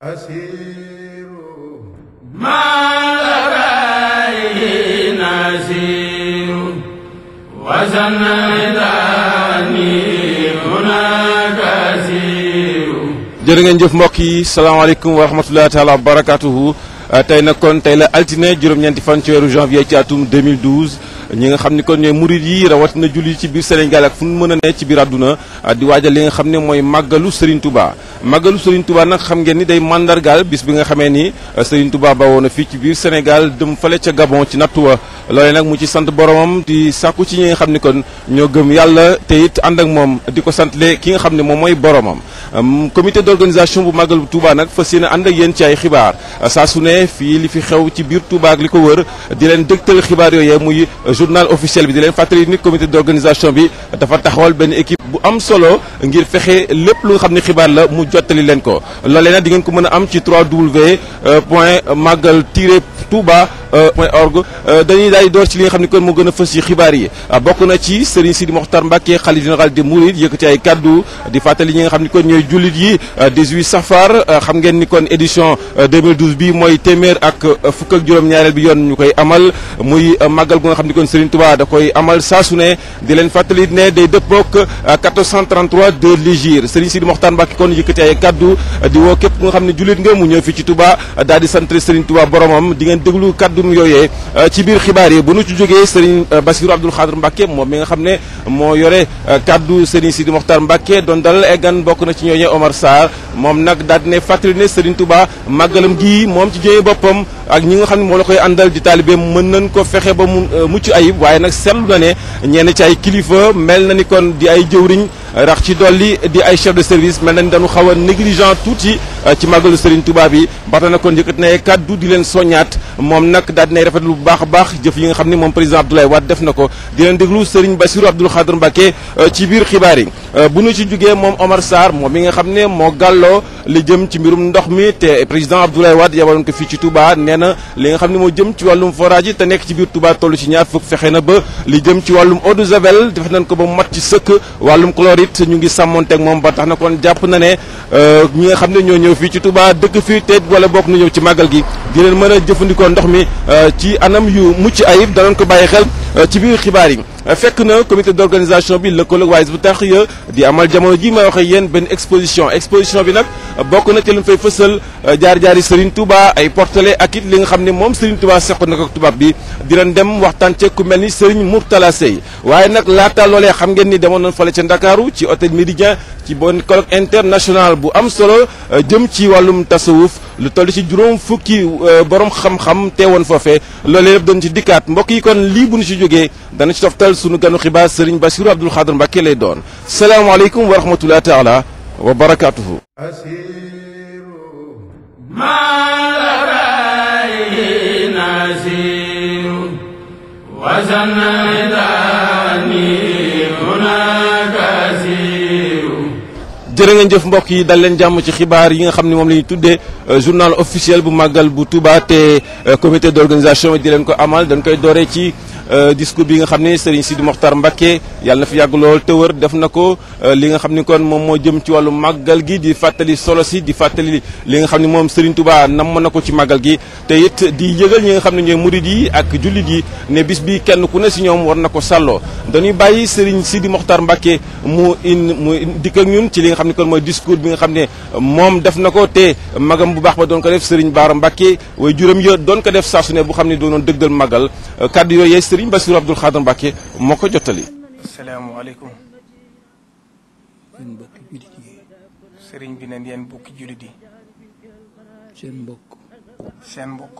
asiru malarayi nasiru wasanadani munakasiru jërë ngeen jëf mbokk yi salaamaaleykum wa rahmatullahi taala wa barakatuhu tey nag kon tey la altine juróom-ñeenti fan ci weeru janvier ci atum 2012 ñi nga xam ni kon ñooy murid yi rawatina julli ci biir Sénégal ak fu mu mën a ne ci biir àdduna ah, di waajal li nga xam ne mooy màggalu Serigne Touba màggalu Serigne nag xam ngeen ni day mandargaal bis bi nga xamee ni ah, Serigne Touba bawoo na fii ci biir Sénégal dem fale ca Gabon ci nattuwa loolee nag mu ci sant boromam di sàkku ci ñi nga xam ni kon ñoo gëm yàlla te it ànd ak moom di ko santle ki nga xam ne moom mooy boromam comité d'organisation bu màggalu Touba nag fas yéene ànd ak yéen ci ay xibaar saa su nee fii li fi xew ci biir Touba ak li ko wër di leen dëgtal xibaar yooyu muy journal officiel bi di leen fàttali ni comité d'organisation bi dafa taxawal benn équipe bu am solo ngir fexe lépp lu xam ne xibaar la mu jottali leen ko loolee nag di ngeen ko mën a am ci 3w euh, point magal tiire tuuba Euh, org euh, dañuy daal di door ci li nga xam ne kon moo gën a fës xibaar yi ah, bokk na ci Serigne Sidi Mokhtar Mbacké xalif général de Mourides yëkkati ay kaddu euh, di fàttali ñi nga xam ne kon ñooy jullit yi 18 safar xam ngeen ni kon édition 2012 bi mooy téeméer ak fukk ak juróom-ñaareel bi yoon ñu koy amal muy màggal gu nga xam ne kon Serigne Touba da koy amal saa su ne di leen fàttali ne day dëppook 1433 de l'hégire Serigne Sidi Mokhtar Mbacké kon yëkkati ay kaddu di woo képp nga xam ne jullit nga mu ñëw ci Touba daal di sant Serigne Touba boromam di ngeen déglu kaddu kàddum yooyee euh, ci biir xibaar yi bu nu ci jógee Serigne euh, Bassirou Abdoul Khadr Mbacké moom mi nga xam ne moo yore euh, kàddu Serigne Sidi Mokhtar Mbacké doon dalal ay gan bokk na ci ñooñee Omar Sarr moom nag daal dina fàttali ne Serigne Touba màggalam gii moom ci jëmee boppam ak ñi nga xam ne moo la koy àndal di taalibe mën nañ ko fexe ba mu mucc ayib waaye nag seetlu na ne ñenn ci ay kilifa mel na ni kon di ay jëwriñ rax ci dolli di ay chef de service mel nañ dañu xaw a négligent tuuti euh, ci màggalu Serigne Touba yi ba tax na kon yëkkat na kaddu di leen soññaat moom nag daal dinay rafetlu bu baax a baax jëf yi nga xam ni moom président Abdoulaye Wade def na ko di leen déglu Serigne Bassirou Abdoul Khadr Mbacké euh, ci biir xibaar yi euh, bu ñu ci jógee moom Omar moom mi nga xam ne moo gàlloo li jëm ci mbirum ndox mi te président Abdoulaye Wade yabaloon ko fii ci tubaa nee na li nga xam ne moo jëm ci wàllum forage te nekk ci biir tubaa toll ci ñaar fukk fexe na ba li jëm ci wàllum eau de javel def nañ ko ba mu mat ci sëkk wàllum chlorure tamit ñu ngi sàmmonteeg moom ba tax na kon jàpp na ne euh, ñi nga xam ne ñoo ñëw fii ci Touba dëkk fii te wala bokk na ñëw ci màggal gi di leen mën a jëfandikoo ndox mi euh, ci anam yu mucc ayib danañ ko bàyyi xel euh, ci biir xibaar yi fekk na comité d'organisation organisation bi lëkkaloog waaye bu tax ya di amal jamono ji may waxe yéen benn exposition exposition bi nag bokk na ci luñ fay fësal euh, jaar-jaari Serigne Touba ay portale ak it li nga xam ne moom Serigne Touba seq na ko tubaab bi di leen dem waxtaan ci ku mel ni Serigne Mourtala Sey waaye nag laata loolee xam ngeen ni demoon nañ fale ca Ndakaaru ci hôtel Méridien ci bonne colloque international bu am solo euh, jëm ci wàllum tasawuf lu toll ci juróom fukki euh, borom xam-xam teewoon foofe loolee yëpp dañ ci dikkaat mbokk yi kon lii bu ñu ci jógee dana ci toftal sunu ganu xibaar Serigne Bassirou Abdoul Khadr Mbacké lay doon salaamaaleykum wa rahmatullahi taala wa barakaatuhu. jërë ngeen jëf mbokk yi dal leen jàmm ci xibaar yi nga xam ne moom la ñu tuddee journal officiel bu màggal bu Touba te comité d'organisation di leen ko amal dañ koy dooree ci. Euh, discours bi nga xam ne Serigne Sidi Mokhtar Mbacké yàlla na fi yàgg lool te wër def na ko euh, li nga xam ne kon moom moo jëm ci wàllu màggal gi di fàttali solo si di fàttali li nga xam ne moom Serigne Touba namm na ko ci màggal gi te it di yëgal ñi nga xam ne ñooy murid yi ak jullit yi ne bis bi kenn ku ne si ñoom war na ko sàlloo dañuy bàyyi Serigne Sidi Mokhtar Mbacké mu in mu dikk ak ñun ci li nga xam ne kon mooy discours bi nga xam ne moom def na ko te magam bu baax ba doon ko def Serigne Bara Mbacké way juróom ya doon ko def saa su ne bu xam ne doonoon dëggal magal euh, kàddu yooyu Serigne Bassirou Abdoul Khadr Mbacké moo ko jottali. asalaamaaleykum. sëriñ bi ne yéen bokki jullit yi. seen mbokk. seen mbokk.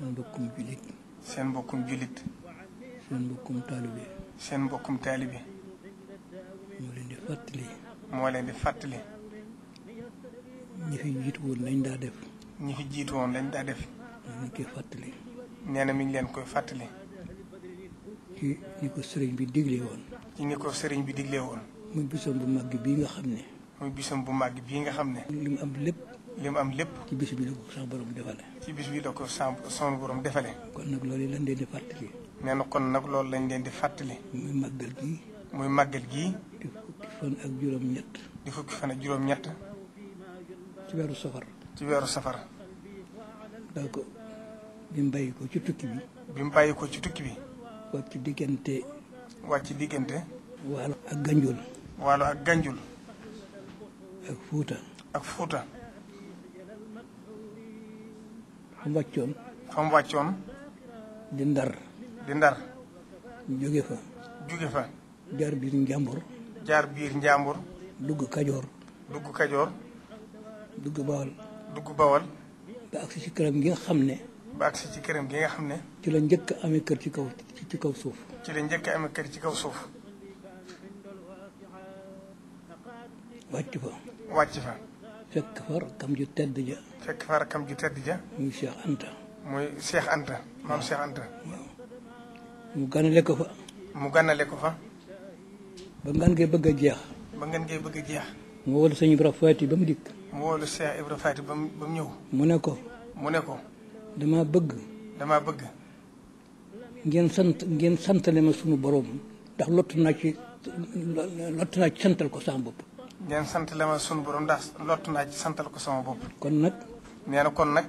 seen mbokkum jullit. seen mbokkum jullit. seen mbokkum taalibe. seen mbokkum taalibe. moo leen di fàttali. moo leen di fàttali. ñi fi jiitu woon lañ daa def. ñi fi jiitu woon lañ daa def. ñu ngi koy fàttali. nee na mi ngi leen koy fàttali. ñi ko sëriñ bi digle woon. ci ñi ko sëriñ bi digle woon. muy bisam bu màgg bii nga xam muy bisam bu màgg bii nga xam ne. am lépp. li am lépp. ci bis bi la ko sax borom defale. ci bis bi la ko son borom kon loolu lañ leen di fàttali. nee kon loolu lañ leen di fàttali. muy màggal gii. muy màggal gii. di fukki fan ak juróom-ñett. di fukki fan ak ñett ci safar. ci safar. bi ko ci tukki bi. bi ko ci tukki bi. wàcc diggante. wàcc diggante. waalo ak ganjul. waalo ak ganjul. ak fuuta. ak fuuta. xam wàccoon. xam wàccoon. di ndar. di ndar. jóge fa. jóge fa. jaar biir njàmbur. jaar biir njàmbur. dugg kajoor. dugg kajoor. dugg bawal. dugg bawal. ba agsi ci këram gi nga xam ne. ba si ci këram gi nga xam ne. ci la njëkk amee kër ci kaw ci kaw suuf. ci la njëkk amee kër ci kaw suuf. wàcc fa. wàcc fa. fekk fa rakkam ju tedd ja. fekk fa rakkam ju tedd ja. muy Cheikh Anta. muy Cheikh Anta maam Cheikh Anta. mu ganale ko fa. mu ganale ko fa. ba ngan ngay bëgg a jeex. ba ngan ngay bëgg a jeex. mu wóolu sëñ Ibra Faati ba mu dikk. mu wóolu Cheikh Ibra Faati ba mu ñëw. mu ne ko. mu ne ko. dama bëgg dama bëgg ngeen sant ngeen santale ma suñu borom ndax lott na ci lott na ci santal ko sama bopp ngeen santale ma suñu borom ndax lott na ci santal ko sama bopp kon nak neena kon nak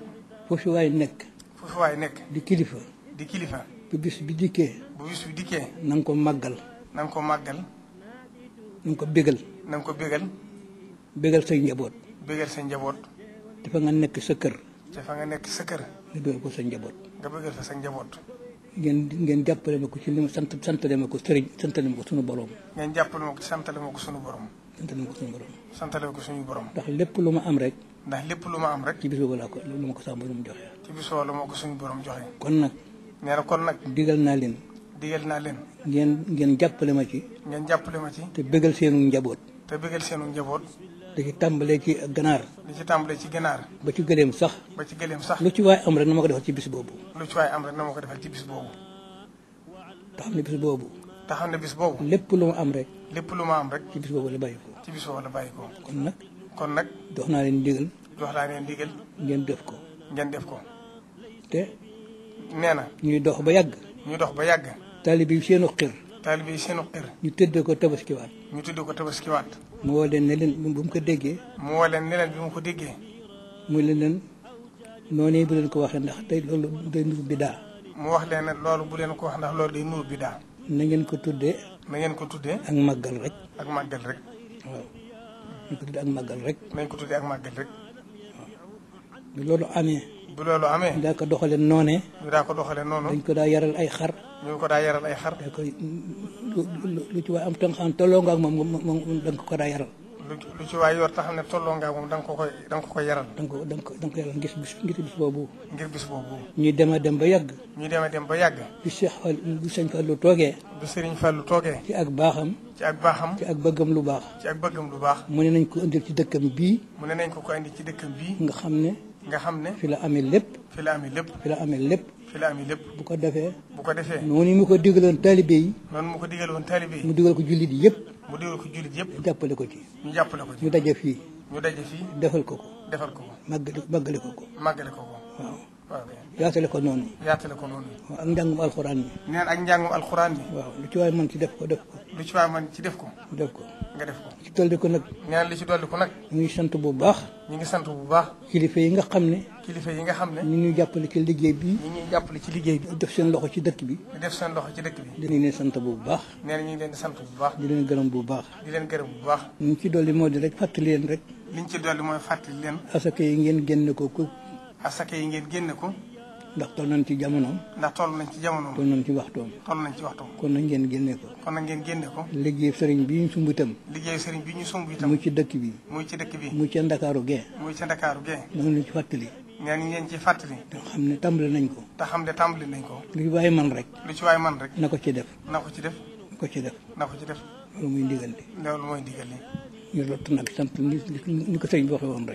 fu fi nekk fu fi nekk di kilifa di kilifa bu bis bi dikkee bu bis bi dikkee nang ko magal nang ko magal nang ko bégal nang ko sey njabot sey njabot defa nga nekk sa kër defa nga nekk sa kër nga doy ko sa njaboot. nga bëggal sa njaboot. ngeen ngeen jàppale ma ko ci li ma sant santale ma ko sëriñ santale ko sunu borom. ngeen jàppale ma ko ko sunu borom. santale ma ko sunu ko suñu borom. ndax lépp lu ma am rek. ndax lépp lu ma am rek. ci bis boobu laa ko lu ma ko sama borom joxe. ci bis boobu la ma ko suñu borom joxe. kon nag. nee na kon nag. digal naa leen. digal naa leen. ngeen ngeen jàppale ma ci. ngeen jàppale ma ci. te bëggal seenu njaboot. te bëggal seenu njaboot. da ci tàmbalee ci ganaar da ci tàmbalee ci ganaar ba ci gëleem sax ba ci gëleem sax lu ci waay am rek na ma ko defal ci bis boobu lu ci waay am rek na ma ko defal ci bis boobu te xam ne bis boobu te xam bis boobu lépp lu ma am rek lépp lu ma am rek ci bis boobu la bàyyi ko ci bis boobu la bàyyi ko kon nag kon nag dox naa leen ndigal jox naa leen ndigal ngeen def ko ngeen def ko te nee na ñuy dox ba yàgg ñuy dox ba yàgg taalibe yi seenu xir taalibe yi seenu xir ñu tëdd ko tabaskiwaat ñu tëdd ko tabaskiwaat moo woo leen ne leen bu mu ko déggee. mu woo leen ne leen bi mu ko déggee. mu leen leen noonu bu leen ko waxee ndax tey loolu day nuru bidaa. mu wax leen loolu bu leen ko wax ndax loolu day nuru bidaa. na ngeen ko tuddee. na ngeen ko tuddee. ak màggal rek. ak màggal rek. waaw nañ ko rek. nañ ko tuddee ak màggal rek. loolu amee. bu loolu amee. daa ko doxalee noonee. ñu daa ko doxalee noonu. dañ ko daa yaral ay xar. ñu ko daa yaral ay xar. daa koy lu ci waay am tënk xam tolloo nga ak moom moom da nga ko daa yaral. lu ci waay yor taxam ne tolloo nga moom da nga ko koy da nga ko koy yaral. da nga ko da nga ko da nga ko yaral ngir bis ngir bis boobu. ngir bis boobu. ñuy dem a dem ba yàgg. ñuy dem a dem ba yàgg. bu Cheikh Fall bu Sëñ Fallu toogee. bu Sëriñ Fallu toogee. ci ak baaxam. ci ak baaxam. ci ak bëggam lu baax. ci ak bëggam lu baax. mu ne nañ ko indil ci dëkkam bii. mu ne nañ ko ko indil ci dëkkam bii. nga xam ne nga xam ne. fi la amee lépp. fi la amee lépp. fi la amee lépp. fi la amee lépp. bu ko defee. bu ko defee noonu mu ko digaloon taalibe yi. noonu mu ko digaloon taalibe yi. mu digal ko jullit yëpp. mu digal ko jullit yëpp. ñu jàppale ko ci. ñu jàppale ko ci ñu daje fii. ñu daje fii. defal ko ko. defal ko ko. màggale màggale ko ko. màggale ko ko waaw. yaatale ko noonu. ko noonu. ak njàngum alxuraan bi. neen ak njàngum alxuraan bi. waaw lu ci waay mën ci def ci waay mën ci def ko. def ko nga def ko. dolli ko nag. neen li ci dolli ko nag. ñu sant bu baax. ñu ngi sant bu baax. kilifa yi nga xam ne. kilifa yi nga xam ne. ñu ñuy jàppale ci liggéey bi. ñu ñuy jàppale ci liggéey bi. def seen loxo ci dëkk bi. def seen loxo ci dëkk bi. dinañ leen sant bu baax. nee na ñu ngi leen sant bu baax. di leen gërëm bu baax. di bu baax. ñu ci dolli moo di rek fàttali leen rek. liñ ci dolli mooy fàttali leen. asaka yi ngeen génne ko ko asaka yi ngeen génne ko. ndax toll nañ ci jamonoom. ndax toll nañ ci jamonoom. toll nañ ci waxtoom. toll nañ ci waxtoom. kon nag ngeen génne ko. kon nag ngeen génne ko. liggéey sëriñ bi ñu sumb itam. liggéey sëriñ bi ñu sumb itam. muy ci dëkk bi. muy ci dëkk bi. muy ca Ndakaaru gee. muy ca Ndakaaru gee. noonu ci fàttali. nee nañ leen ci fàttali. te xam ne tàmbali nañ ko. te xam ne tàmbali nañ ko. lu ci waay man rek. lu ci waay man rek. na ko ci def. na ko ci def. na ko ci def. na ko ci def. loolu mooy ndigal li. loolu mooy ndigal li. ñu lott nag sant ni ko sëriñ bi waxee woon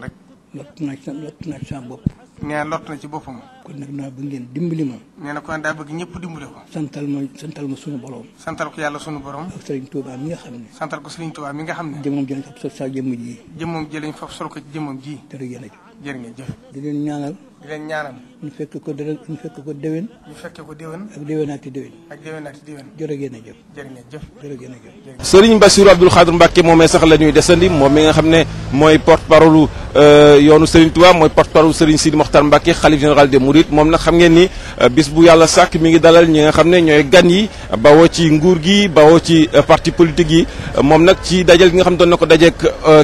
rek. nee na ci bopp. nee na lott na ci boppam. kon nag ñëpp dimbali ko. santal ma sunu borom. santal ko yàlla sunu borom. ak sëriñ Touba mi nga xam ne. santal ko mi nga xam ne. jëmmam jëlañ fab sa jëmm ji. jëmmam jëlañ fab sol ko ci jëmmam ji. dara yéen a jëf. jërë ñaanal. di leen ñaanal. ñu fekk ko dara ñu fekk ko déwén. ñu fekk ko déwén. ak déwénaati déwén. ak déwénaati déwén. jërë ngeen a jëf. jërë ngeen jëf jërë ngeen a jëf. Serigne Bassirou Abdoul Khadr Mbacke moomee sax la ñuy desandi moom mi nga xam ne mooy porte parole Euh, yoonu Serigne Touba mooy porte-parole Serigne Sidi Mokhtar Mbacke xalif général des Mourides moom na xam ngeen ni euh, bis bu yàlla sàkk mi ngi dalal ñi nga xam ne ñooy gan yi bawoo ci nguur gi bawoo ci euh, parti politique yi moom nag ci dajal gi nga xam ne doon na ko dajeek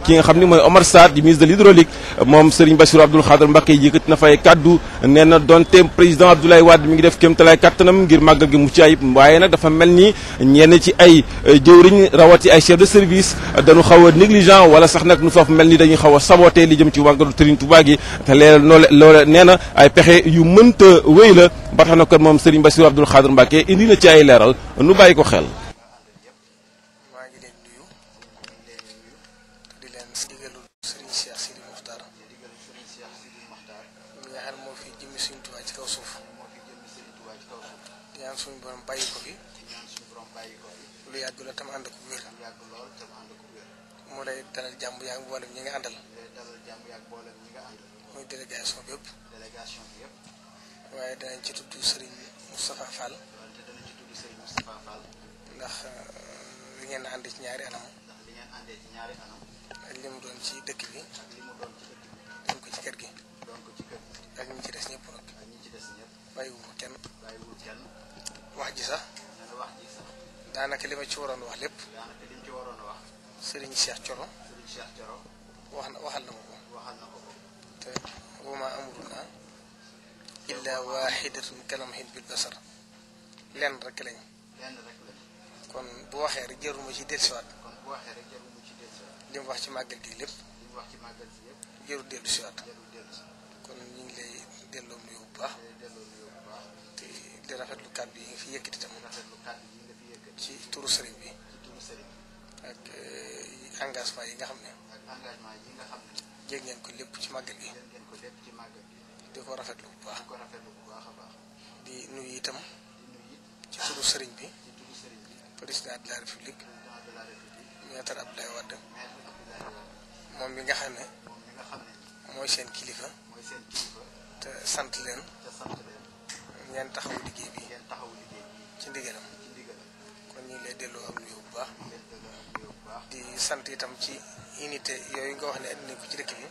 ki nga xam ne mooy Omar Sarr di ministre de l'hydraulique moom Serigne Bassirou Abdoul Khadr Mbacke yëkkati na fay kaddu nee na donte président Abdoulaye Wade mi ngi def kéemtalaay kattanam ngir màggal gi mu ci ayib waaye nag dafa mel ni ñenn ci ay jëwriñ rawati ay chef de service dañu xaw a négligent wala sax nag nu foofu mel ni dañuy xaw a saboté li jëm ci wàggalu Serigne Touba gi te lee loole loo nee na ay pexe yu mën mënta wéy la ba tax na kon moom Serigne Bassirou Abdoul Khadr Mbacké indi na ci ay leeral nu bàyyi ko xel waaye danañ ci tudd sëriñ Moustapha Fall euh, ndax li ngeen àndee ci ñaari anam ak li mu doon ci dëkk bi doon ko ci kër gi ak ñi ci des ñëpp nag bàyyiwul kenn wax ji sax daanaka li ci waroon wax lépp sëriñ Cheikh Thioro wax na waxal na ma ko te bu ma amul naa illaa waaxidatun kalamhin bil basar lenn rek lañ kon bu kon rek jaruma ci delsiwaat li mu wax ci màggal gi lépp jaru dellu siwaat kon ñu ngi lay kon nuyu bu baax te di rafetlu kàddu yi nga fi yëkkati tam ci turu sëriñ bi ak engagement yi nga xam ne jég ngeen ko ci di ko rafetlu bu baax di nuyu itam ci turu sëriñ bi président de la république maître Abdoulaye wad mom mi nga xam ne mooy seen kilifa te sante len ñen taxaw liggéey bi ci ndigalam kon ñi lay delu am nuyu bu baax di sante itam ci unité yoy nga wax ne indi ko ci dëkk bi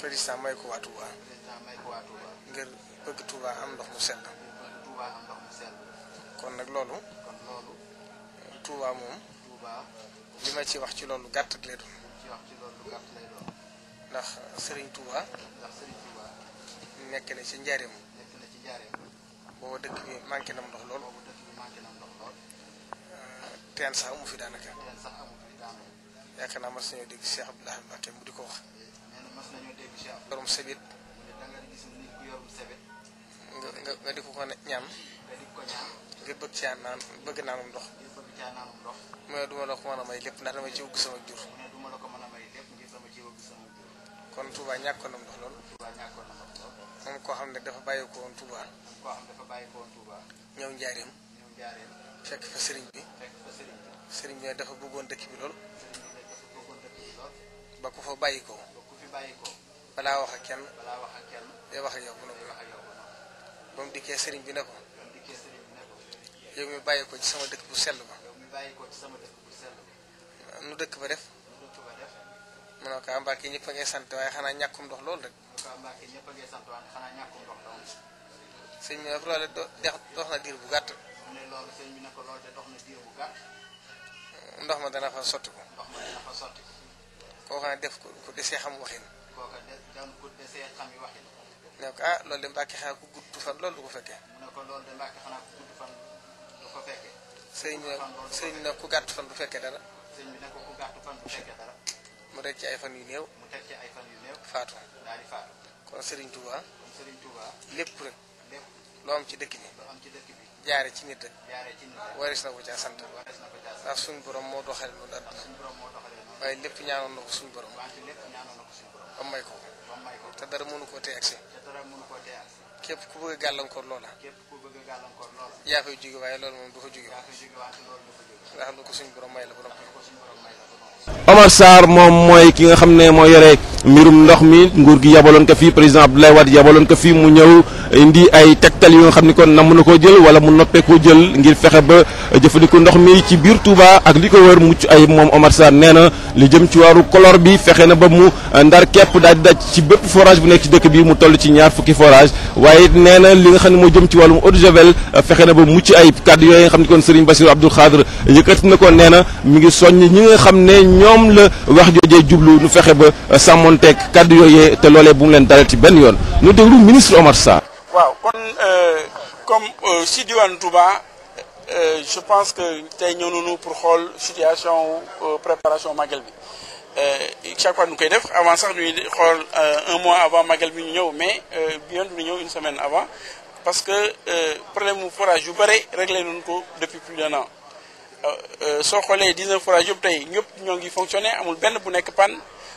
président may ko waa Touba. président bëgg Touba am ndox mu sell. bëgg Touba kon nag loolu. kon loolu. Touba moom. li ma ci wax ci loolu gàtt lay doon. ci wax ci loolu gàtt lay doon. ndax Serigne Touba. ndax Serigne Touba. nekk na ci njaareem. nekk na ci njaareem. booba dëkk bi manqué nam ndox lool. booba dëkk bi manqué nam ndox lool. teen sax amu fi daanaka. teen sax amu fi daanaka. yaakaar naa mas nañoo dégg mu di ko wax. borom nga di ko ko ñam ngir bëgg ci naan bëgg naanum ndox mu ne duma la ko mën may lépp ndax dama ci wugg sama jur kon tuuba ñàkkoon ndox lool moom koo xam dafa bàyyi ko woon tuuba ñëw njaareem fekk fa sëriñ bi sëriñ bi dafa bëggoon dëkk bi lool ba ko fa bàyyi ko bàyyi ko balaa wax ak kenn balaa wax ak kenn day wax ak yow bu ne ba mu dikkee sëriñ bi ne ko yow mi bàyyi ko ci sama dëkk bu sell ba nu dëkk ba def mu ne ko ah, Mbàkke ñëpp a sant waaye xanaa ñàkkum ndox loolu rek ah, sëñ bi nag loolu dox na diir bu gàtt ndox ma dana fa sotti ko kooka def ko ku desee xam waxin. kooka dem ku desee xam waxin. ne ko ah loolu de mbàkke xanaa ku gudd fan ko fekkee. mu de mbàkke xanaa ku gudd fan ko fekkee. sëñ bi sëñ bi nag ku gàtt fan du fekkee dara. sëñ bi nag ku gàtt fan du fekkee dara. mu teg ci ay fan yu néew. mu teg ci ay fan yu néew. faatu. daal di faatu. kon Serigne Touba. kon Serigne Touba. lépp rek. loo am ci dëkk bi. loo am ci dëkk bi. jaare ci nit rek. jaare ci waris na ko caa sant. waris na ko caa sant ndax moo doxalee noonu àdduna. ndax waaye lépp ñaanoon na ko suñu borom ba may ko te dara mënu koo tee agsi képp ku bëgg a gàllankoor loola yaa fay jóge waaye loolu moom du fa jóge nga xam ne ko suñu borom may la borom Omar Sarr moom mooy ki nga xam ne moo yore mbirum ndox mi nguur gi yabaloon ko fii président Abdoulaye Wade yabaloon ko fii mu ñëw indi ay tegtal yu nga xam ni kon namm na koo jël wala mu noppee koo jël ngir fexe ba jëfandiku ndox mi ci biir Touba ak li ko wër mucc ay moom Omar Sarr nee na li jëm ci waaru koloor bi fexe na ba mu ndar képp daal di daj ci bépp forage bu nekk ci dëkk bi mu toll ci ñaar fukki forage waaye nee na li nga xam ne moo jëm ci wàllum eau de javel fexe na ba mucc ay kàddu yooyu nga xam ni kon Serigne Bassirou Abdoul Khadre yëkkati na ko nee na mi ngi soññ ñi nga xam ne ñoom la wax joojee jublu nu fexe ba sàmm sàmmonteeg kaddu yoyé té lolé bu mu leen dalal ci benn yoon ñu déglu ministre Omar Sarr. waaw kon euh comme euh, si diwaan Touba euh je pense que tay ñëw nañu pour xol situation euh, préparation magal bi. euh chaque fois nous koy def avant sax ñuy xool euh, un mois avant magal bi ñëw mais bien ñu ñëw une semaine avant parce que euh, problème forage yu bare réglé nañu ko depuis plus d'un an so xolé 19 forage yëpp tey ñëpp ñongi fonctionner amul benn bu nek panne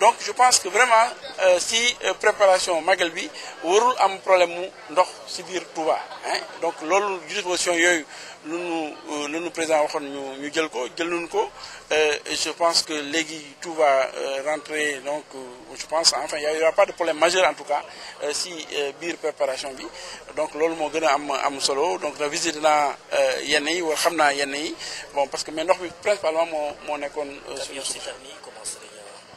donc je pense que vraiment euh, si euh, préparation magalbi warul am problème ndox si bir Touba hein donc lolu disposition yooyu lu nu nous euh, nous président waxoon ñu ñu jël ko jël ko je pense que légui tout va rentrer donc je pense enfin il y aura pas de problème majeur en tout cas si bir préparation bi donc lolu mo gëna am am solo donc la visite naa yenn yi wala yenn yi bon parce que mais ndox bi principalement mon moo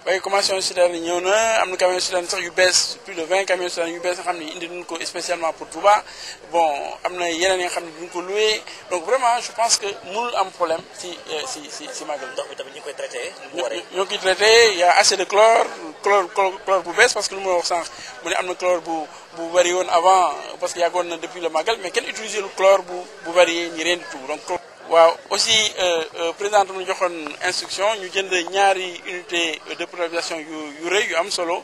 waaye commandation citerne yi ñëw na am na camion citerne sax yu plus de 20 camions citerne yu bees nga indi nañu ko spécialement pour Touba bon am na yeneen yi nga xam ne ko loué donc vraiment je pense que avons am problème si euh, si si si màggal ndox bi tamit ñu koy traité ñoo koy traité y a assez de chlore chlore chlore bu bees parce que lu ma wax sànq chlore bu bu bari woon avant parce que yàggoon na depuis le magal, mais qu'elle utilise le chlore bu bu varié ni rien du tout donc waaw aussi euh, euh, présidente mu joxoon instruction ñu jënd ñaari unité de privatisation yu yu yu am solo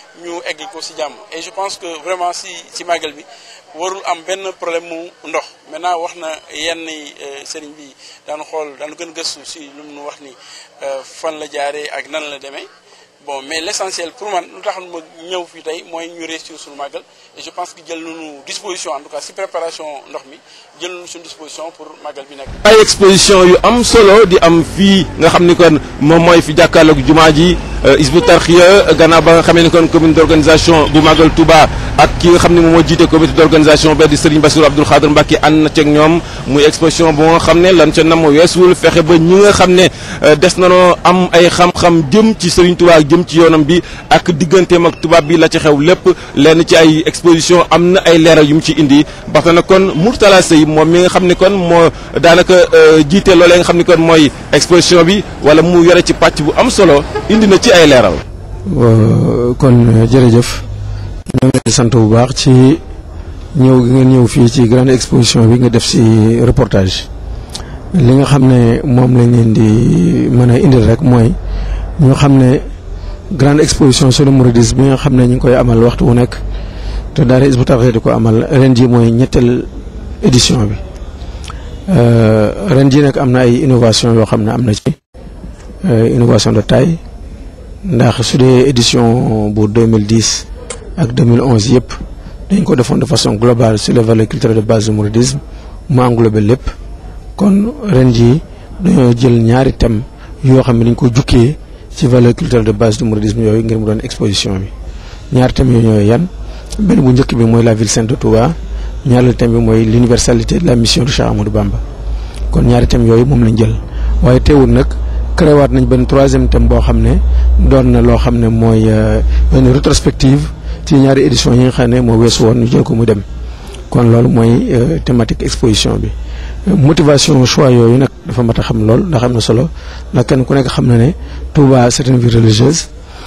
et je pense que vraiment si si bi warul am problème maintenant wax yenn si euh, nous wax ni de euh, la ak nan bon mais l'essentiel pour moi lu tax nous moi et je pense que jël une disposition en tout cas si préparation ndox mi jël une disposition pour ma bi exposition solo Euh, Hizbut Tarqiyyah gannaaw ba nga xamee ni kon commune d'organisation bu Magal tubaa ak ki nga xam ne moo jiite comité d'organisation ba di Serigne Bassirou Abdoul Khadr ànd na ceeg ñoom muy exposition bu nga xam ne lan ca nam weesuwul fexe ba ñi nga xam ne euh, des nanoo am ay xam jëm ci Serigne Touba jëm ci yoonam bi ak digganteem ak tubaab bi la ci xew lépp lenn ci ay exposition am na ay leeral yu mu ci indi bax na kon Mourtala Seye moom mi nga xam ne kon moo daanaka euh, jiite loolee nga xam ne kon mooy exposition bi wala mu yore ci pàcc bu am solo indi na ci ci ay leeral. kon jërëjëf. ñoo ngi di sant bu baax ci ñëw gi ngeen ñëw fii ci grande exposition bi nga def si reportage. li nga xam ne moom lañ leen di mën a indil rek mooy ñu xam ne grande exposition sunu mouridisme bi nga xam ne ñu ngi koy amal waxtu wu nekk te daara Hizbut Tarqiyyah di ko amal ren ji mooy ñetteel édition bi. Euh, ren ji nag am na ay innovation yoo xam ne am na ci euh, innovation de taille. ndax su dee édition 2010 ak 2011 yep, dañ ko de façon globale sur les valeurs culturelles de base du mouridisme mu englobé lépp kon ren jii jël ñaari dañ ko valeurs culturelles de base du mouridisme exposition bi ñaari bu la ville sainte de bi l'universalité de la mission de Cheikh Amadou Bamba kon ñaari créé waat nañ benn troisième thème boo xam ne doon na loo xam ne mooy benn euh, rétrospective ci ñaari édition yi nga xam ne moo weesu woon ñu jël ko mu dem kon loolu mooy euh, thématique exposition bi motivation choix yooyu nag dafa mat a xam lool ndax am na solo ndax kenn ku nekk xam na ne Touba c'est une ville religieuse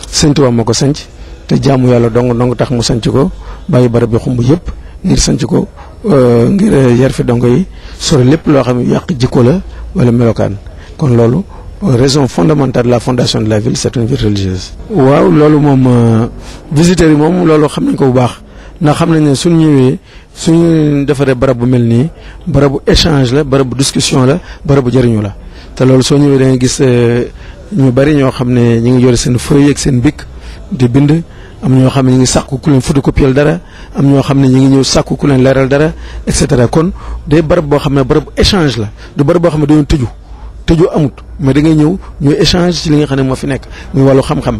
Sëñ Touba moo ko sanc te jaamu yàlla dong dong tax mu sanc ko bàyyi barab bi xumb yëpp ngir sanc ko euh, ngir yar fi dongo yi sori lépp loo xam ne yàq jikko la wala melokaan kon loolu raison fondamentale de la fondation de la ville c'est une ville religieuse. waaw loolu mom euh, visiteurs mom moom xamna ko bu baax Na xamna ne suñu ñëwé suñu défaré barab bu melni, barab barabu échange la barabu discussion la barabu jëriñu la Té loolu so ñëwé da nga gis euh, ñu bari ño xamné ñi ngi yore seen feuille ak seen bic di bind. am ñoo xam ne ñu ngi sàkku ku leen photocopie dara am ñoo xam ne ñu ngi ñëw sàkku ku leen leeral dara et cetera kon day barab boo xam ne barab échange la du barab boo xam ne dañoo tëju. tëjoo amut ma da ngay ñëw ñuy échange ci li nga xam ne moo fi nekk muy wàllu xam-xam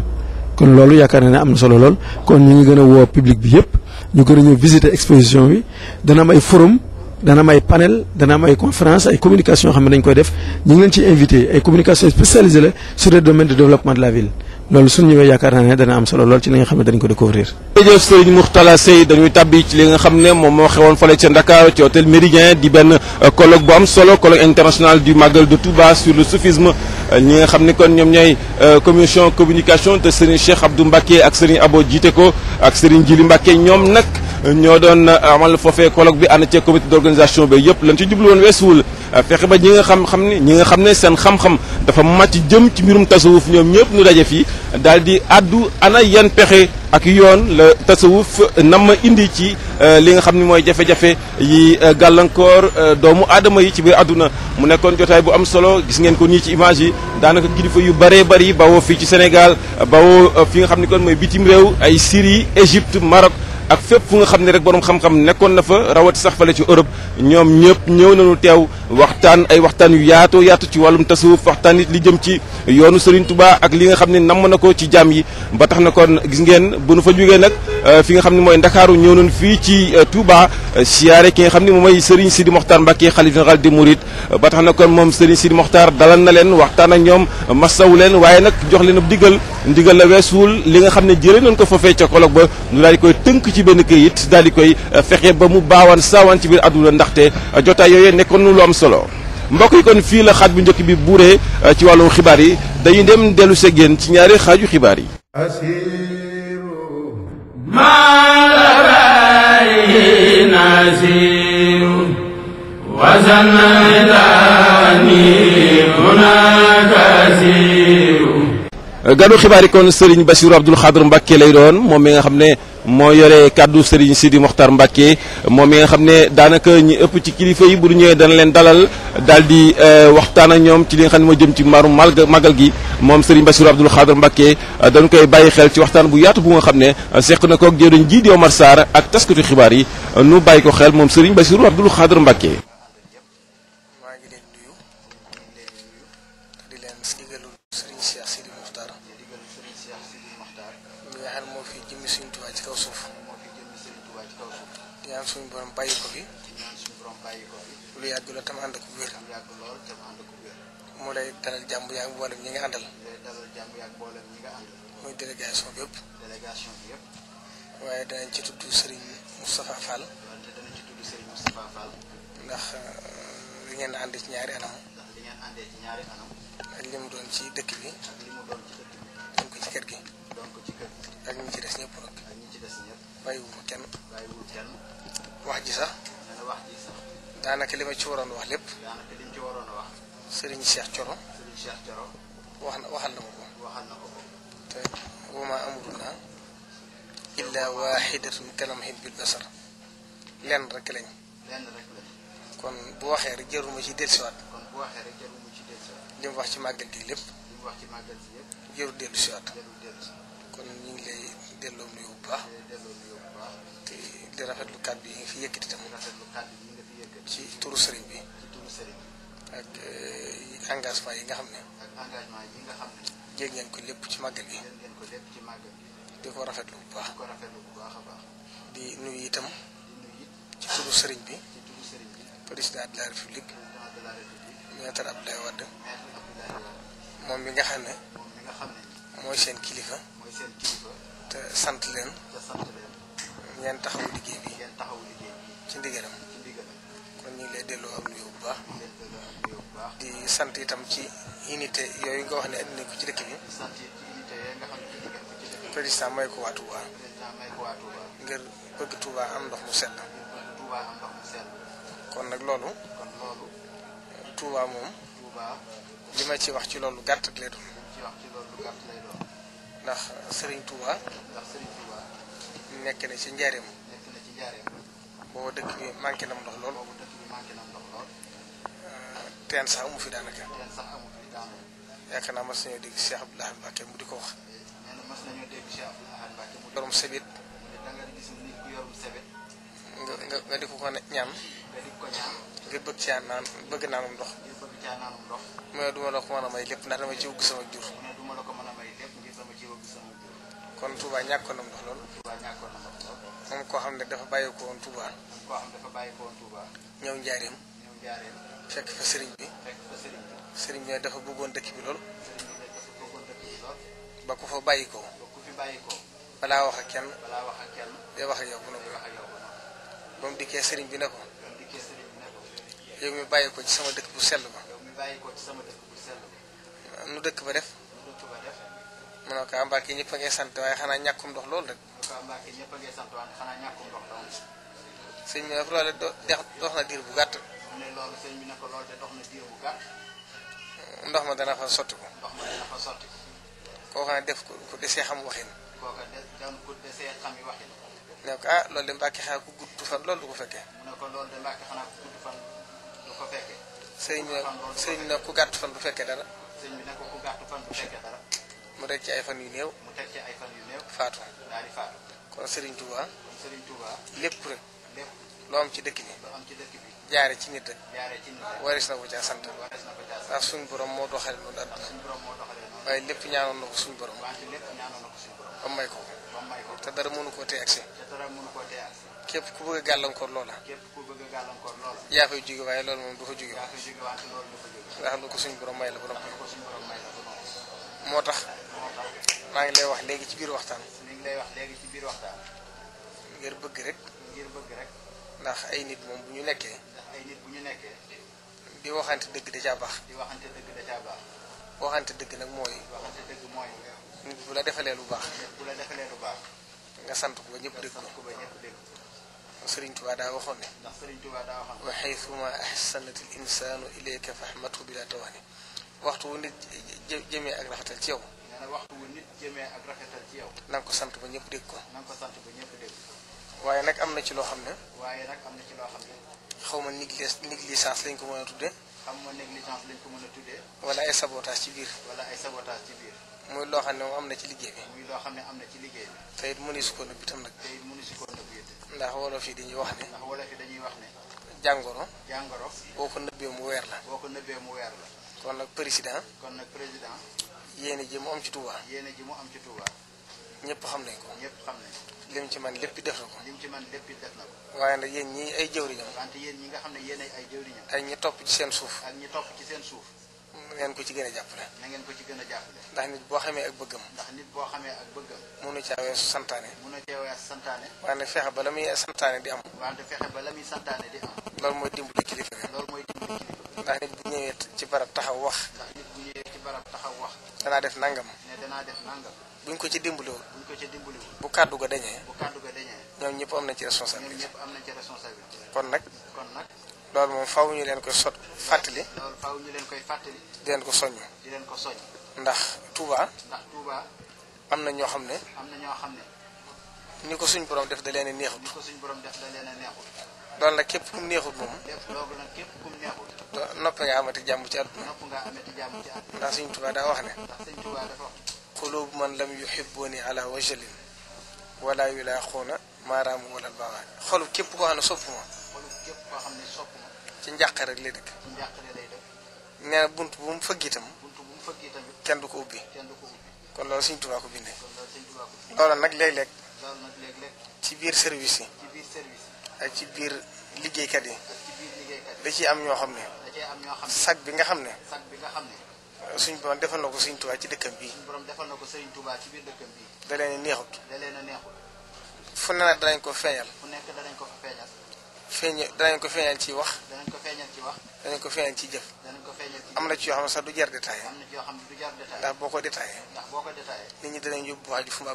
kon loolu yaakaar na ne am na solo lool kon ñu ngi gën woo public bi yëpp ñu gën a ñëw visiter exposition bi dana am ay forum dana am ay panel dana am ay conférence ay communication yoo xam ne dañ koy def ñu ngi leen ci invité ay communication spécialisée la sur le domaine du développement de la ville loolu suñ ñëwee yaakaar naa ne dana am solo lool ci li nga xam ne dañ ko découvrir jërëjëf Serigne Mourtala Sey dañuy tàbbi ci li nga xam ne moom moo xewoon fële ca Dakar ci hôtel Méridien di benn euh, colloque bu am solo colloque international du Magal de Touba sur le soufisme euh, ñi nga xam ne kon ñoom ñooy euh, commission communication te Serigne Cheikh Abdou Mbacké ak Serigne Abo jiite ko ak Serigne Jili Mbacké ñoom nag ñoo doon amal foofe colloque bi ànd ci comité d'organisation bi yëpp lañ ci jublu woon weesuwul fexe ba ñi nga xam xam ne ñi nga xam ne seen xam-xam dafa màcc jëm ci mbirum tasawuf ñoom ñëpp ñu daje fii daal di addu ana yan pexe ak yoon la tasawuf nam ma indi ci euh, li nga xam ni mooy jafe-jafe yi euh, gàllankoor euh, doomu aadama yi ci biir àdduna mu nekkoon jotaay bu am solo gis ngeen ko nii ci image yi daanaka kilifa yu bëree bëri bawoo fii ci Sénégal bawoo fi nga xam ne kon mooy bitim réew ay Syrie Égypte Maroc ak fépp fu nga xam ne rek borom xam-xam nekkoon na fa rawati sax fale ci Europe ñoom ñëpp ñëw na nañu teew waxtaan ay waxtaan yu yaatoo yaatu ci wàllum tasawuf waxtaan it li jëm ci yoonu Serigne tubaa ak li nga xam ne namm na ko ci jaam yi ba tax na kon gis ngeen bu nu fa jógee nag euh, fi nga xam ne mooy Ndakaaru ñëw nañu fii ci euh, Touba euh, siyaare ki nga xam ni moom mooy Serigne Sidi Mokhtar Mbacké xalif général di Mourides ba tax na kon moom Serigne Sidi Mokhtar dalal na leen waxtaan ak ñoom masawu leen waaye nag jox leen diggal ndigal la weesuwul li nga xam ne jëlee nañ ko foofee ca colloque ba ñu daal koy tënk ci benn këyit daal koy eh, fexe ba mu baawaan saawaan ci biir àdduna ndaxte eh, jotaay yooyu nekkoon nu lu am solo. mbokk yi kon fii la xaaj bu njëkk bi buure eh, ci wàllu xibaar yi dañuy dem delu see génn ci ñaari xaaju xibaar yi. ganu xibaar yi kon Serigne Bassirou Abdoul Khadr Mbacke lay doon moom mi nga xam ne moo yore kàddu Serigne di Mokhtar Mbacke moom mi nga xam ne daanaka ñi ëpp ci kilifa yi bu ñu ñëwee dana leen dalal daal di euh, waxtaan ak ñoom ci li xam ne moo jëm ci marum magal gi moom Serigne Bassirou Abdoul Khadr Mbacke euh, dañ koy bàyyi ci waxtaan bu yaatu bu nga xam ne euh, seq na koog jëriñ ji di Omar Sarr ak taskatu xibaar yi nu bàyyi ko xel moom Serigne Bassirou Abdoul Khadr Mbacke. Cheikh Sidi Mokhtar mi nga xam moo fi jëmmi suñu Tuubaa ci kaw suuf di ñaan suñu borom bàyyi ko fi lu yàgg la tam ànd ak wér moo lay dalal jàmm yaa ngi boolem ñi nga àndal muy délégation bi yëpp waaye danañ ci tudd Serigne Moustapha Fall ndax euh, li ngeen àndee ci ñaari anam. ak li mu doon ci dëkk bi ak li mu doon ci dëkk bi doon ko ci kër gi doon ko ci kër gi ak ñi ci des ñëpp ak ñi ci des ñëpp bàyyiwul kenn bàyyiwul kenn wax ji sax nee na wax ji sax daanaka li ma ci waroon wax lépp daanaka li mu ci waroon wax sëriñ Cheikh Thioro sëriñ Cheikh Thioro wax na waxal na ma ko waxal na ko ko te wama amruna illa waxidatun kalamhin bil basar lenn rek lañ lenn rek lañ kon bu waxee rek jaruma ci delsiwaat kon bu waxee rek jaruma li wax ci màggal gi lépp. li wax ci màggal gi lépp. jarul dellu si waat. jarul dellu si kon ñu ngi lay delloo nuyu bu baax. delloo nuyu te di rafetlu kàddu yi nga fi yëkkati tam. rafetlu kàddu yi nga fi yëkkati. ci turu sëriñ bi. ci turu sëriñ bi. ak eh, engagement yi nga xam ne. ak engagement yi nga ko lépp ci màggal yi jéeg ngeen ko lépp ci màggal gi. di ko rafetlu bu ko rafetlu bu baax a baax. di nuyu itam. di ci turu sëriñ bi. ci turu bi. président de la république. maître Abdoulaye Wade moom mi nga xam ne mooy seen kilifa te sant leen ngeen taxawu liggéey bi ci ndigalam kon ñu ngi lay delloo am nuyu bu baax di sant itam ci unité yooyu nga wax ne indi ko ci dëkk bi président may ko waa ngir bëgg Touba am ndox mu sell kon nag loolu Touba mom li ma ci wax ci loolu gàtt lay do ndax Serigne Touba nek na ci njaareem bo dekk bi manqué nam ndox lool euh, ten sax amu fi danaka yak na ma nañoo dig Cheikh Abdoulaye mbake mu di mbake mu dorom sebit nga nga di ko diko ñaan ngir bëgg caa naan bëgg naanum ndox. ngir bëgg caa naanum na mu ne du ma la ko mën a may lépp ndax dama ci wugg sama jur. mu ne a may kon Touba ñàkkoon na ndox lool. Touba ñàkkoon koo xam ne dafa bàyyi ko woon Touba. moom koo xam ne dafa fekk fa sëriñ bi. fekk fa sëriñ bi. sëriñ dafa bëggoon dëkk bi lool. sëriñ bi dafa bëggoon dëkk bi lool. ba ku fa bàyyi balaa wax ak kenn. balaa wax ak kenn. day wax ak yow ba mu dikkee sëriñ bi na ko yow mi bàyyi ko ci sama dëkk bu sell ba. yow mi bàyyi sama dëkk bu sell ba. nu dëkk ba def. nu dëkk ba def. ma ne ko ah, Mbàkke ñëpp sant waaye xanaa ñàkkum ndox loolu rek. ma ne ko ah, Mbàkke ñëpp sant waaye xanaa ñàkkum ndox loolu. sëñ bi nag loolu bu gàtt. mu ne loolu ko loolu de bu gàtt. ndox ma dana fa sotti ko. ndox ma dana ko. ne def ko desee xam waxin. xam ne daan ko desee xam waxin. ne ko ah loolu de Mbàkke xanaa ku gudd fan loolu du ko fekkee. mu ne ko ko fekkee. sëñ bi nag sëñ bi nag gàtt fan bu fekkee dara. sëñ bi nag ku gàtt fan bu fekkee dara. mu teg ci ay fan yu néew. mu teg ci ay fan yu néew. faatu. daal di faatu. kon Serigne Touba. kon Serigne Touba. lépp rek. lépp loo am ci dëkk bi. loo am ci dëkk bi. jaare ci nit rek. jaare ci nit rek. waris na ko caa sant. waris na suñu borom moo doxalee noonu àdduna. ndax suñu borom moo waaye lépp ñaanoon na ko suñu borom. na ko suñu borom. ba may ko. ba may ko te dara mënu koo tee accès. te dara mënu koo tee képp ku bëgg a gàllankoor loola. képp ku bëgg a gàllankoor loola. yaa fay jóge waaye loolu moom du fa jóge. yaa fay jóge waaye loolu du fa jóge. nga xam ne ko suñu borom may la borom. moo tax. maa ngi lay wax léegi ci biir waxtaan. mi ngi lay wax léegi ci biir waxtaan. ngir bëgg rek. ngir bëgg rek. ndax ay nit moom bu ñu nekkee. ay nit bu ñu nekkee. di waxante dëgg da caa baax. di waxante dëgg da caa baax. waxante dëgg nag mooy. waxante dëgg mooy. nit bu la defalee lu baax. nit bu la defalee lu baax. nga sant ko ba ñëpp dégg ko. سرين توبا دا وخون وحيثما احسنت الانسان اليك فاحمده بلا تواني وقت ونيت جيمي اك رافتال تي يو انا يعني وقت ونيت جيمي اك رافتال تي يو نانكو سانت با نيب ديكو نانكو سانت با نيب ديكو واي نك امنا سي لو خامني واي نك امنا سي لو خامني خاوما نيغليس نيغليسانس لنجكو مانا تودي خاوما نيغليسانس لنجكو مانا تودي ولا اي سابوتاج سي بير ولا اي سابوتاج سي بير muy loo xam ne moom am na ci liggéey bi. muy loo xam ne am na ci liggéey bi. te it mënees ko nëbb nag. te it mënees ko nëbb it. ndax wolof yi dañuy wax ne. ndax wolof yi dañuy wax ne. jàngoro. jàngoro. boo ko nëbbee mu weer la. boo ko nëbbee mu weer la. kon nag président. kon nag président. yéene ji mu am ci Touba. yéene ji mu am ci Touba. ñëpp xam nañ ko. ñëpp xam ne ko. lim ci man lépp def na ko. lim ci man lépp def na ko. waaye nag yéen ñi ay jëwriñam. wante yéen ñi nga xam ne yéen ay jëwriñam. ak ñi topp ci seen suuf. ak ñi topp ci seen suuf. ngeen ko ci gën a jàppale. na ngeen ko ci gën a jàppale. ndax nit boo xamee ak bëggam. ndax nit boo xamee ak bëggam. munu caa weesu santaane. munu caa weesu santaane. wante fexe ba la muy santaane di am. wante fexe ba la muy santaane di am. loolu mooy dimbali kilifa bi. loolu mooy dimbali kilifa ndax nit bu ñëwee ci barab taxaw wax. ndax nit ci barab taxaw wax. danaa def nangam. ne danaa def nangam. buñ ko ci dimbaliwul. buñ ko ci dimbaliwul. bu kàddu ga dañee. bu kàddu ga dañee. ñoom ñëpp am na ci responsabilité. ñoom ñëpp am nañ ci responsabilité. kon nag. kon nag. loolu moom faaw ñu leen koy sot fàttali. loolu faaw ñu leen koy fàttali. di leen ko soññ. di leen ko soññ. ndax Touba. ndax Touba. am na ñoo xam ne. am na ñoo xam ne. ko suñ borom def da leen a neexut. ko suñ borom def da leen a neexut. loolu nag képp kum neexut moom. loolu nag képp kum neexut. nopp nga amati jàmm ci àdduna. nopp ndax suñ Touba daa wax ne. ndax suñ Touba dafa wax. xuloobu man lam yuhibbuni ala wajalin wala yulaaxuuna maaraamu wala baaxaan. xolu képp koo xam ne soppuma. xolu ci njàqare lay dëkk. ci na bunt bu mu fëgg itam. bunt bu mu fëgg itam. kenn du ko ubbi. kenn ko kon loolu suñ Tuubaa ko bindee. kon loolu Sëriñ Tuubaa nag lay léeg loolu nag léeg ci biir service yi. ci biir service ak ci biir liggéeykat yi. ak ci biir liggéeykat am ñoo xam ne. da ciy am ñoo xam ne. sag bi nga xam ne. sag bi nga xam ne. suñ borom defal na ko Sëriñ ci dëkkam bii. suñ borom defal na ko Sëriñ Tuubaa ci biir dëkkam bii. da leen a neexut. da leen a neexut. fu ne nag danañ ko feeñal. fu nekk danañ ko fa feeñal. feeñe danañ ko feeñal ci wax. danañ ko feeñal ci wax. danañ ko feeñal ci jëf. danañ ko feeñal am na ci yoo xam ne sax du jar détaillé. am ne du jar détaillé. ndax boo ko détaillé. boo ko détaillé. nit ñi danañ yóbbu wax ji fu mu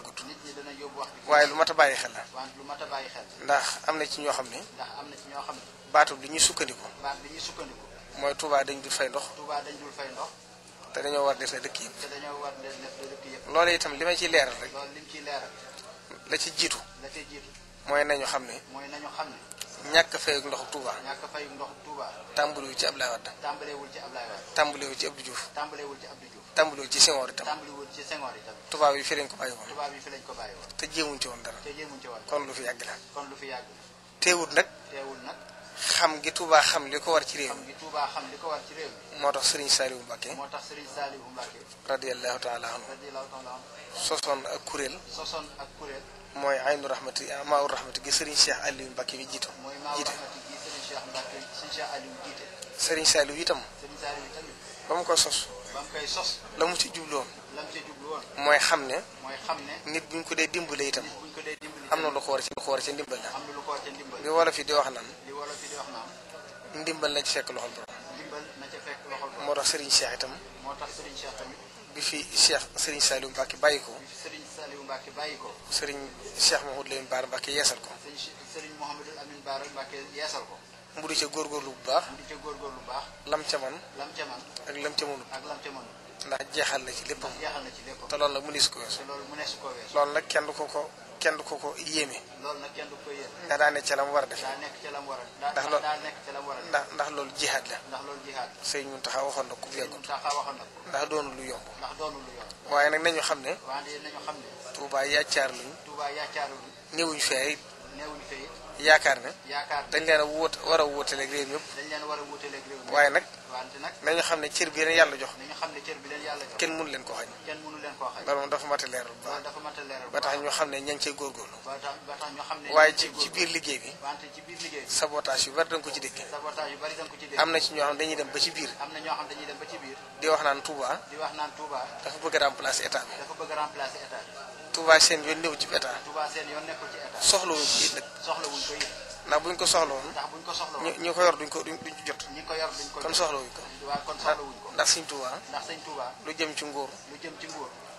waaye lu mat a bàyyi xel la. waaye lu mat a bàyyi ndax am na ci ñoo xam ne. ndax am na ci ñoo xam ne. baatu ñuy sukkandiku. baat bi ñuy sukkandiku. mooy Touba dañ dul fay ndox. Touba dañ dul fay ndox. te dañoo war def ne dëkk yëpp. te dañoo war def ne dëkk loolu itam li ma ciy leeral rek. loolu li ma ciy leeral. la ci jiitu. la ci jiitu. mooy nañu xam ne. mooy nañu xam ne. ñàkk fayug ndox Touba. ñàkk fayug ndox Touba. tàmbaliwul ci Abdoulaye Wade. tàmbaliwul ci Abdoulaye Wade. tàmbaliwul ci Abdou Diouf. tàmbaliwul ci Abdou Diouf. tàmbaliwul ci Senghor itam. tàmbaliwul ci Senghor itam. tubaab yi fi lañ ko bàyyi woon. ko bàyyi woon. te jéemuñ ci woon dara. te jéemuñ ci woon kon lu fi yàgg la. kon lu fi yàgg la. nag. teewul nag. xam gi Touba xam li ko war ci réew mi. xam xam li ko war ci moo tax Serigne Saliou Mbacké. moo tax Serigne Saliou Mbacké. radiyallahu taala anhu. sosoon ak kuréel. sosoon ak kuréel. mooy aynu rahmati ah, maa ur rahmati gi Serigne Cheikh Aliou Mbacke bi jiite. mooy maa ur rahmati gi Serigne Cheikh Mbacke Serigne Cheikh Aliou jiite. Serigne Saliou ba mu koy sos. la mu ci jublu la mu ci jublu woon. mooy xam ne. mooy xam ne. nit bu ko dee dimbale itam. tam bu ko dee am na lu ko war a ci lu ko war a la. am na lu ko a di wax naan. li wolof di wax na ci fekk loxol borom. moo tax Serigne seex itam. moo tax Serigne Cheikh tamit. bi fi Cheikh Serigne Saliou Mbacke bàyyi ko. Saliou Mbacke bàyyi ko. sëriñ Cheikh Mouhamadou Lamine Bara Mbacke yeesal ko. sëriñ Mouhamadou Amine Bara Mbacke yeesal ko. mu di ca góorgóorlu bu baax. di ca góorgóorlu bu baax. lam ca man. lam ca man ak lam ca mënul. ndax jeexal na ci léppam. na ci léppam te loolu nag mu ne su ko weesu. te loolu mu ko weesu. loolu nag kenn ko ko. kenn du ko ko yéeme. loolu nag kenn du ko yéeme. nga daa la mu war a def. daa nekk ca la mu war a def. ndax daa nekk la mu war a def. ndax ndax loolu jihaad ndax loolu jihaad la. sëñ Muntaxa waxoon na ku yàggut. Muntaxa waxoon na ko. ndax lu yomb. ndax doonu lu waaye nag nañu xam ne. waaye nañu xam ne. Touba yaacaar luñu. Touba yaacaar luñu. néewuñu fee it. néewuñu yaakaar ne. yaakaar dañ leen a wóot war a wóotaleeg réew mi yëpp. leen a war a wóotaleeg réew mi waaye nag nañu xam ne cër bi leen yàlla jox kenn mënu leen ko xañ loolu moom dafa mat a leeral ba tax ñu xam ne ña ngi cay góorgóorlu waaye ci ci biir liggéey bi sabotage yu bari da nga ko ci dégg am na ci ñoo xam dañuy dem ba ci biir di wax naan Touba dafa bëgg a remplacer état bi Touba seen yoon néew ci état soxlawuñ ko it nag ndax buñ ko soxla woon buñ ko soxla woon ñi ko yor duñ ko duñ ci jot ñi ko yor duñ ko kon soxla wuñ ko waaw kon soxla wuñ ko ndax sëñ Tuubaa ndax sëñ Tuubaa lu jëm ci nguur lu jëm ci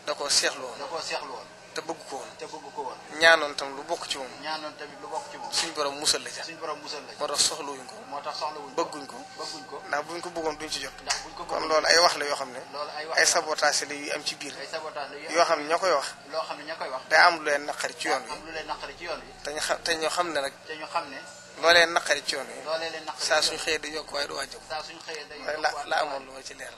da koo seexlu woon koo seexlu woon te bëgg ko woon. te bëgg ko woon. ñaanoon tam lu bokk ci moom. ñaanoon tamit lu bokk ci moom. suñ borom musal la ca. moo tax soxlawuñ ko. ko bëgguñ ko. bëgguñ ko ndax buñ ko bëggoon ñu ci jot. ndax buñ ko bëggoon kon loolu ay wax la yoo xam ne. loolu ay wax la ay sabotage la yu am ci biir. yoo xam ne ña koy wax. loo xam ne ña koy wax. day am lu leen naqari ci yoon wi. am lu leen yoon wi. te ñu xam te ñu ne nag. te ñu xam ne. naqari ci yoon wi. loolee leen naqari saa suñ xëyee day yokk waaye du wàññi ko. saa suñ xëyee la amoon lu ma ci leeral.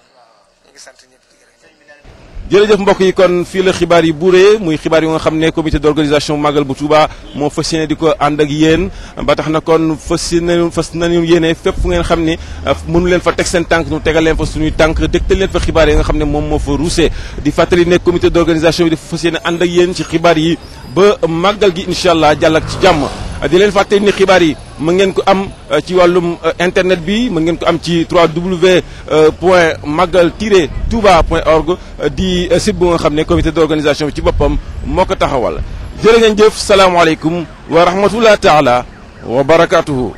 ñu ngi sant ñëpp di gërëm jërëjëf mbokk yi kon fii la xibaar yi buuree muy xibaar yi nga xam ne comité d'organisation màggal bu Touba moo fas yéene di ko ànd ak yéen ba tax na kon fas yéene fas nañu yéene fépp fu ngeen xam ne ah, mënu leen fa teg seen tànk ñu tegal leen fa suñuy tànk dégtal leen fa xibaar yi nga xam ne moom moo fa ruusee di fàttali ne comité d'organisation bi di fas yéene ànd ak yéen ci xibaar yi ba màggal gi incha allah jàll ak ci jàmm di leen fàtte ni xibaar yi ma euh, euh, ngeen ko am ci wàllum internet bi ma ngeen ko am ci 3w point magal tiré touba point org euh, di site bu nga xam ne comité d'organisation bi ci boppam moo ko taxawal jërë ngeen jëf salaamaaleykum wa rahmatullah taala wa